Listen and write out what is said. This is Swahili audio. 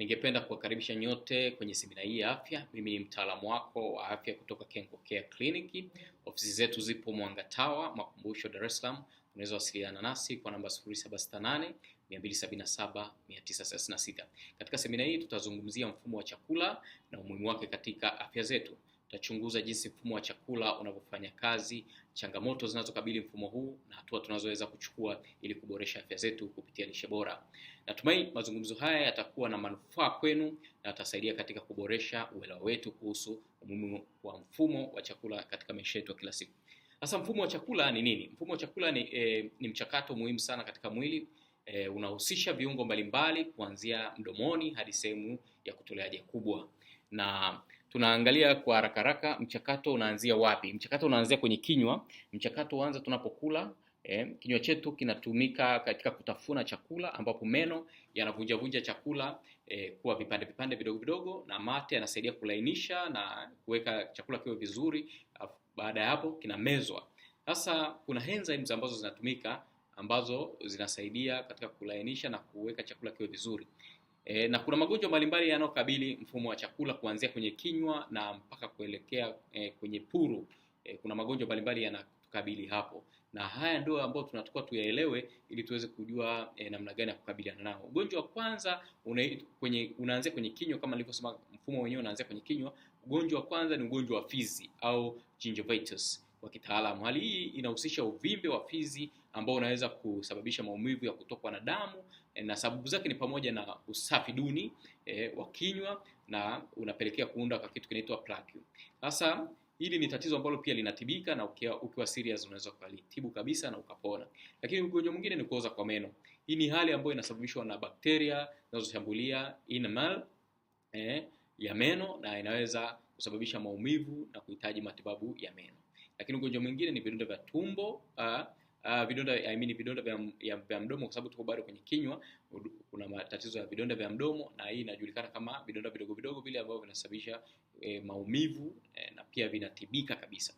Ningependa kuwakaribisha nyote kwenye semina hii ya afya. Mimi ni mtaalamu wako wa afya kutoka Kenko Care Clinic. Ofisi zetu zipo Mwanga Tower, Makumbusho, Dar es Salaam. Unaweza wasiliana nasi kwa namba 0768 277 Katika semina hii tutazungumzia mfumo wa chakula na umuhimu wake katika afya zetu tutachunguza jinsi mfumo wa chakula unavyofanya kazi, changamoto zinazokabili mfumo huu na hatua tunazoweza kuchukua ili kuboresha afya zetu kupitia lishe bora. Natumai mazungumzo haya yatakuwa na manufaa kwenu na yatasaidia katika kuboresha uelewa wetu kuhusu umuhimu wa mfumo wa chakula katika maisha yetu ya kila siku. Sasa mfumo wa chakula ni nini? Mfumo wa chakula ni, e, ni mchakato muhimu sana katika mwili e, unahusisha viungo mbalimbali kuanzia mdomoni hadi sehemu ya kutolea haja kubwa na tunaangalia kwa haraka haraka mchakato unaanzia wapi. Mchakato unaanzia kwenye kinywa. Mchakato huanza tunapokula. Eh, kinywa chetu kinatumika katika kutafuna chakula ambapo meno yanavunjavunja chakula eh, kuwa vipande vipande vidogo vidogo, na mate yanasaidia kulainisha na kuweka chakula kiwe vizuri. Baada ya hapo kinamezwa. Sasa kuna enzymes ambazo zinatumika ambazo zinasaidia katika kulainisha na kuweka chakula kiwe vizuri. E, na kuna magonjwa mbalimbali yanayokabili mfumo wa chakula kuanzia kwenye kinywa na mpaka kuelekea e, kwenye puru. E, kuna magonjwa mbalimbali yanatukabili hapo, na haya ndio ambayo tunatakiwa tuyaelewe ili tuweze kujua e, namna gani ya kukabiliana nao. Ugonjwa wa kwanza unaanzia kwenye, unaanzia kwenye kinywa kama nilivyosema, mfumo wenyewe unaanzia kwenye kinywa. Ugonjwa wa kwanza ni ugonjwa wa fizi au gingivitis wa kitaalamu. Hali hii inahusisha uvimbe wa fizi ambao unaweza kusababisha maumivu ya kutokwa na damu e, na sababu zake ni pamoja na usafi duni e, wa kinywa na unapelekea kuunda kwa kitu kinaitwa plaque. Sasa hili ni tatizo ambalo pia linatibika na ukiwa, ukiwa serious unaweza kulitibu kabisa na ukapona. Lakini ugonjwa mwingine ni kuoza kwa meno. Hii ni hali ambayo inasababishwa na bakteria zinazoshambulia enamel eh, ya meno na inaweza kusababisha maumivu na kuhitaji matibabu ya meno. Lakini ugonjwa mwingine ni vidonda vya tumbo uh, Uh, vidonda I mean, vidonda vya, ya, vya mdomo kwa sababu tuko bado kwenye kinywa. Kuna matatizo ya vidonda vya mdomo, na hii inajulikana kama vidonda vidogo vidogo vile ambavyo vinasababisha eh, maumivu eh, na pia vinatibika kabisa.